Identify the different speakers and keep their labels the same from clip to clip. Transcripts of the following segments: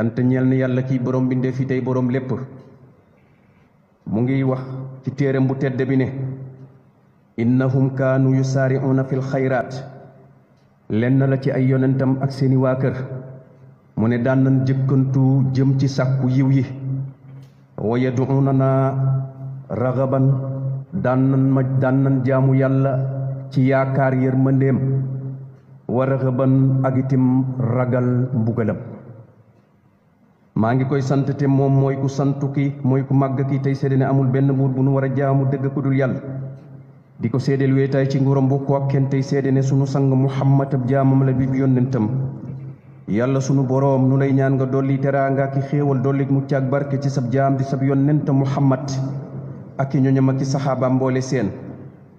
Speaker 1: cant ñeel na yàlla kii borom bindee fi tey borom lépp mu ngi wax ci téeram bu tedd bi ne innahum fil khairat, lenn la ci ay yonentam ak seeni waa kër mu ne daan nan jëkkantu jëm ci yiw yi wa yaduuna naa ragaban daan maj ma daan nan jaamu karier ci yaakaar yërmandeem wa ragaban ak itim ragal mbugalam maa ngi koy sant te moom mooy ku santu ki mooy ku màgg ki tey seede ne amul benn buur bu nu war a jaamu dëgg ku dul yàlla di ko seedeel weetaay ci nguuram bu ko ak kenn tey seede ne sunu sang muhammad ab jaamam la bi yónnentam yàlla sunu boroom nu lay ñaan nga dolli teraanga ki xéewal dolli mucc ak barke ci sab jaam di sab yónnenta muhammad ak i ñoñam ak i saxaabaam mboole seen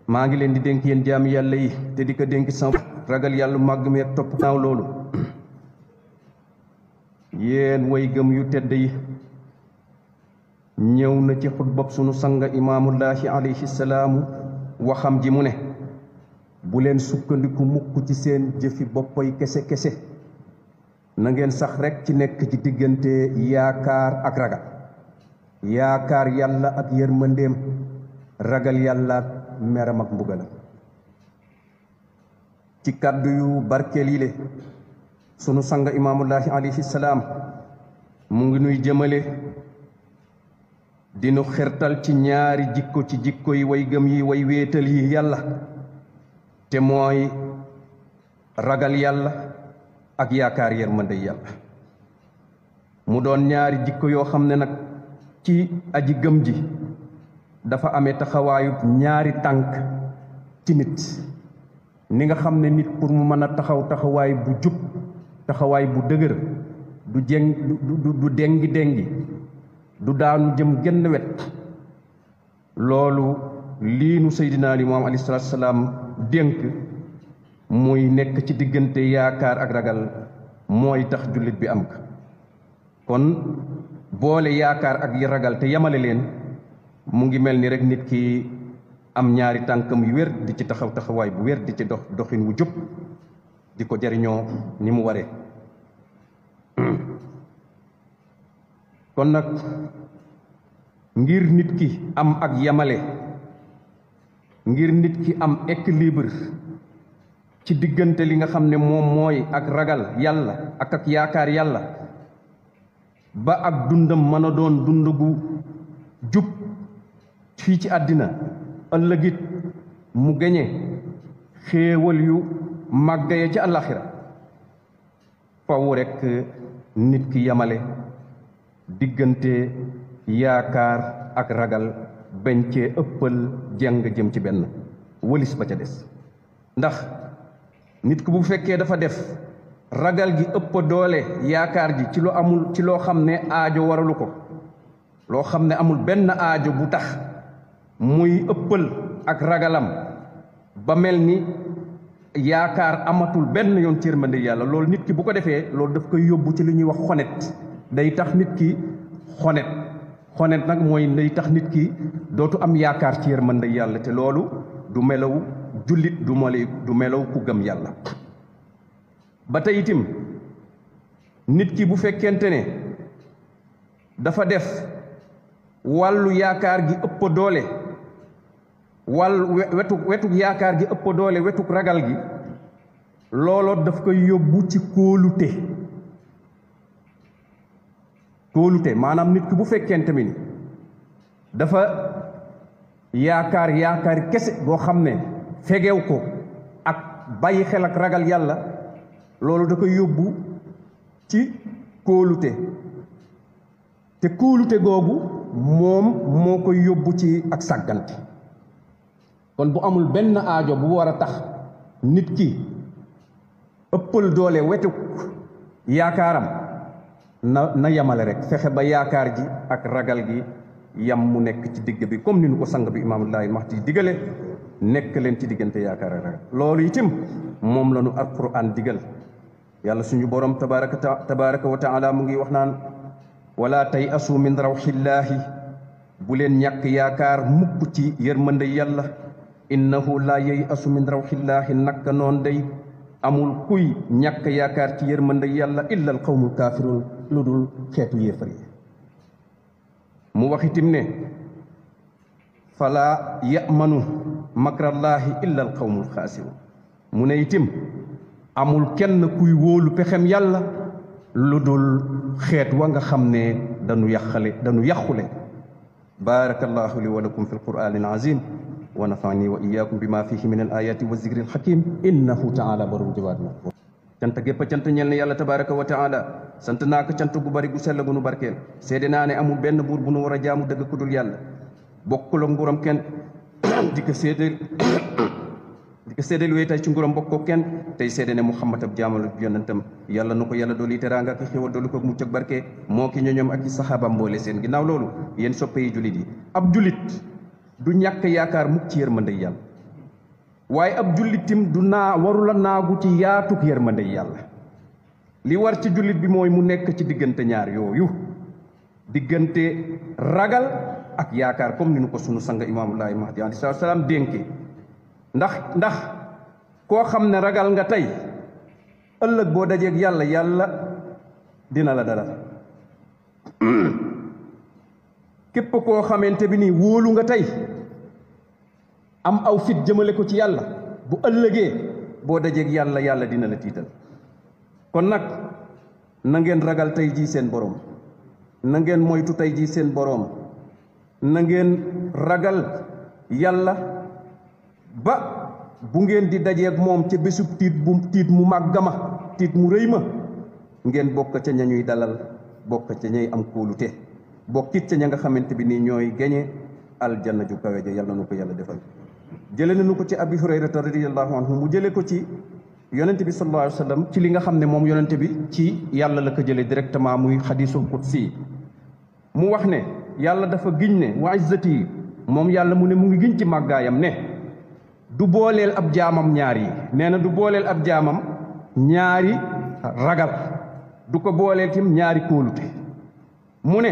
Speaker 1: maa ngi leen di dénk yéen jaam yàlla yi te di ko dénk sa ragal yàlla màgg mi topp naaw loolu yéen way gëm yu tedd yi ñëw na ci xutbab sunu sang imaamullaahi alayhi waxam ji mu ne bu leen sukkandiku mukk ci seen jëfi boppay kese kese na ngeen sax rekk ci nekk ci diggante yaakaar ak ragal yaakaar yàlla ak yërmandeem ragal yàlla ak meram ak mbugalam ci kàddu yu barkeel yi le sunu sang imaamullahi alayhi salam mu ngi nuy jëmale dinu xirtal ci ñaari jikko ci jikko yi way gëm yi way wéetal yi yàlla te mooy ragal yalla ak yaakaar mu doon ñaari jikko yoo xam ne ci aji gëm ji dafa amee taxawaayu ñaari tank ci nit ni nga xam ne nit pour mu taxaw bu taxawaay bu dëgër du jeng du du dengi du daanu jëm genn wet loolu lii nu Seydina Limaamu alayhi salaatu salaam dénk muy nekk ci diggante yaakaar ak ragal mooy tax jullit bi am ko kon boole yaakaar ak ragal te yamale leen mu ngi mel ni rek nit ki am ñaari tànkam yu wér di ci taxaw taxawaay bu wér di ci dox doxin wu jub di ko jariñoo ni mu waree kon nag ngir nit ki am ak yamale ngir nit ki am équilibre ci diggante li nga xam ne moom mooy ak ragal yàlla ak ak yaakaar yàlla ba ak dundam mën a doon dund gu jub fii ci àddina ëllëgit mu gañe xéewal yu màgga ya ca àllaaxira faw rekk nit ki yamale diggante yaakaar ak ragal bañ cee ëppal jeng jëm ci benn wëlis ba ca des ndax nit ki bu fekkee dafa def ragal ji ëpp doole yaakaar ji ci ci loo xam ne aajo waralu ko loo xam ne amul benn aajo bu tax muy ëppal ak ragalam ba mel ni yaakaar amatul benn yoon ci yërmande yàlla loolu nit ki bu ko defee loolu daf koy yóbbu ci li ñuy wax xonet day tax nit ki xonet xonet nag mooy day tax nit ki dootu am yaakaar ci yërmande yàlla te loolu du melaw jullit du male du melaw ku gëm yàlla ba tey itim nit ki bu fekkente ne dafa def wàllu yaakaar gi ëpp doole wal wetu wetuk yaakaar gi ëpp doole wetuk ragal gi looloo daf koy yóbbu ci kóolute kóolute maanaam nit ki bu fekkente mi ni dafa yaakaar yaakaar kese boo xam ne fegew ko ak bàyyi xel ak ragal yàlla loolu da koy yóbbu ci kóolute te kóolute googu moom moo koy yóbbu ci ak sàggante kon bu amul benn aajo bu war a tax nit ki ëppal doole wetuk yaakaaram na na yamale rek fexe ba yaakaar ji ak ragal gi yam mu nekk ci digg bi comme ni ñu ko sang bi imaamullahi mahdi digale nekk leen ci diggante yaakaar ak ragal loolu itam moom la ñu alquran digal yàlla suñu borom tabaraka wa taala mu ngi wax naan wala tey asu min rawxillaahi bu leen ñàkk yaakaar mukk ci yërmande yàlla innahu laa yey'asu min rawxillaahi nakka noon day amul kuy ñàkk yaakaar ci yërmande yàlla illa alqawmul kaafiruun lu dul xeetu yéefar yi mu waxitim ne fala ya'manu makrallaahi illa alqawmul xaasiruun mu ne itim amul kenn kuy wóolu pexem yàlla lu dul xeet wa nga xam ne danu yàqale danu yàqule baarakallaahu li wa lakum fi alquraani alazim wa nafani wa iyaakum bima fihi min al ayati wa zikril hakim innahu taala borom jawaat na cant gépp cant ñel ne yàlla tabaraka wa taala sant naa ko cant gu bari gu sell gu nu barkeel seede naa ne amul benn buur bu nu war a jaamu dëgg ku dul yàlla bokkul ak kenn di ko seedeel di ko seedeel wéy tay ci nguuram bokk ko kenn tey seede ne Muhammad ab jaamal yonentam yàlla nu ko yàlla dooli teraanga ak xéwal dooli ko mucc ak barke moo ki ñoñoom ak i saxaabam mboole seen ginnaaw loolu yéen soppe yi yi du ñàkk yaakaar mukk ci yërmande yàlla waaye ab jullitim du naa warula naagu ci yaatuk yërmande yàlla li war ci jullit bi mooy mu nekk ci diggante ñaar yooyu diggante ragal ak yaakaar comme ni nu ko sunu sang imaamullahi mahdi alayhi salatu salaam dénke ndax ndax koo xam ne ragal nga tey ëllëg boo dajeeg yàlla yàlla dina la dalal képp koo xamante bi nii wóolu nga tey am aw fit jëmale ko ci yalla bu ëllëgee boo dajeeg yàlla yalla dina la tiital kon nag na ngeen ragal tey jii seen borom na ngeen moytu tey jii seen borom na ngeen ragal yalla ba bu ngeen di dajeeg moom ca bésub tit bu tit mu magama tit mu reima ngen ngeen bokk dalal bokk ca ñay am kóolute bokkit ca ña nga xamante bi ni ñooy gañe aljanna ju kawe ja yàlla defal jëlee nañu ko ci abi hurayrata radiallahu anhu mu jëlee ko ci yonente bi sallallahu alayhi wa sallam ci li nga xam ne moom yonente bi ci yàlla la ko jëlee directement muy xadiisul qudsi mu wax ne yàlla dafa giñ ne wa izzati moom yàlla mu ne mu ngi giñ ci màggaayam ne du booleel ab jaamam ñaari nee na du booleel ab jaamam ñaari ragal du ko booleel tim ñaari kóolute mu ne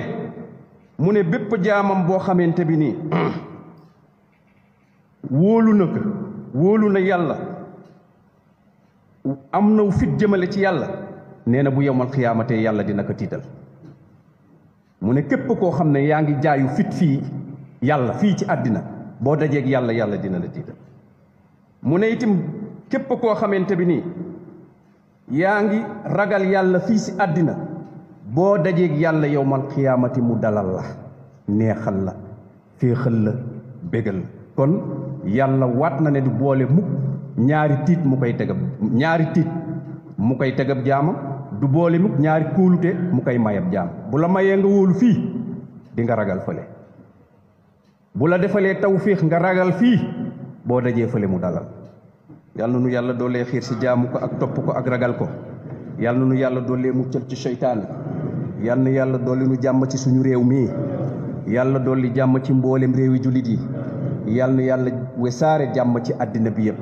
Speaker 1: mu ne bépp jaamam boo xamante bi nii wóolu na ko wóolu na yàlla am na fit jëmale ci yàlla nee na bu yemal xiyaamatee yàlla dina ko tiital mu ne képp koo xam ne yaa ngi jaayu fit fii yàlla fii ci àddina boo dajeeg yàlla yàlla dina la tiital mu ne itam képp koo xamante bi yaa ngi ragal yàlla fii si àddina boo dajeeg yàlla yowmal xiyaamati mu dalal la neexal la féexal la bégal la kon yàlla waat na ne du boole mukk ñaari tiit mu koy tegab ñaari tiit mu koy tegab jaama du boole mukk ñaari kóolute mu koy mayab jaam bu la mayee nga wóolu fii di nga ragal fële bu la defalee taw tawfiix nga ragal fii boo dajee fële mu dalal yàlla nu yàlla doole xiir si jaamu ko ak topp ko ak ragal ko yàlla na nu yàlla doolee muccal ci seytaane yàlla na yàlla doole nu jàmm ci suñu réew mii yàlla dolli jàmm ci mboolem réewi jullit yi يالنا يالنا وسارة جامعة الدين بيب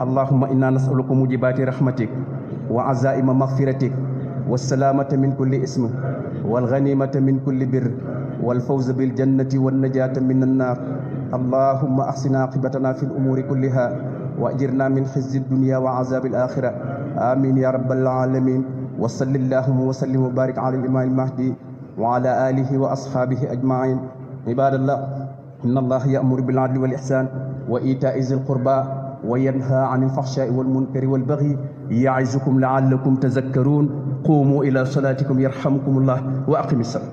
Speaker 1: اللهم إنا نسألك allahuma رحمتك وعزائم مغفرتك والسلامة من كل اسم والغنيمة من كل بر والفوز بالجنة والنجاة من النار اللهم أحسن عاقبتنا في الأمور كلها وأجرنا من خزي الدنيا وعذاب الآخرة آمين يا رب العالمين وصل اللهم وسلم وبارك على الإمام المهدي وعلى آله وأصحابه أجمعين عباد الله إن الله يأمر بالعدل والإحسان وإيتاء ذي القربى وينهى عن الفحشاء والمنكر والبغي يعزكم لعلكم تذكرون قوموا إلى صلاتكم يرحمكم الله وأقم الصلاة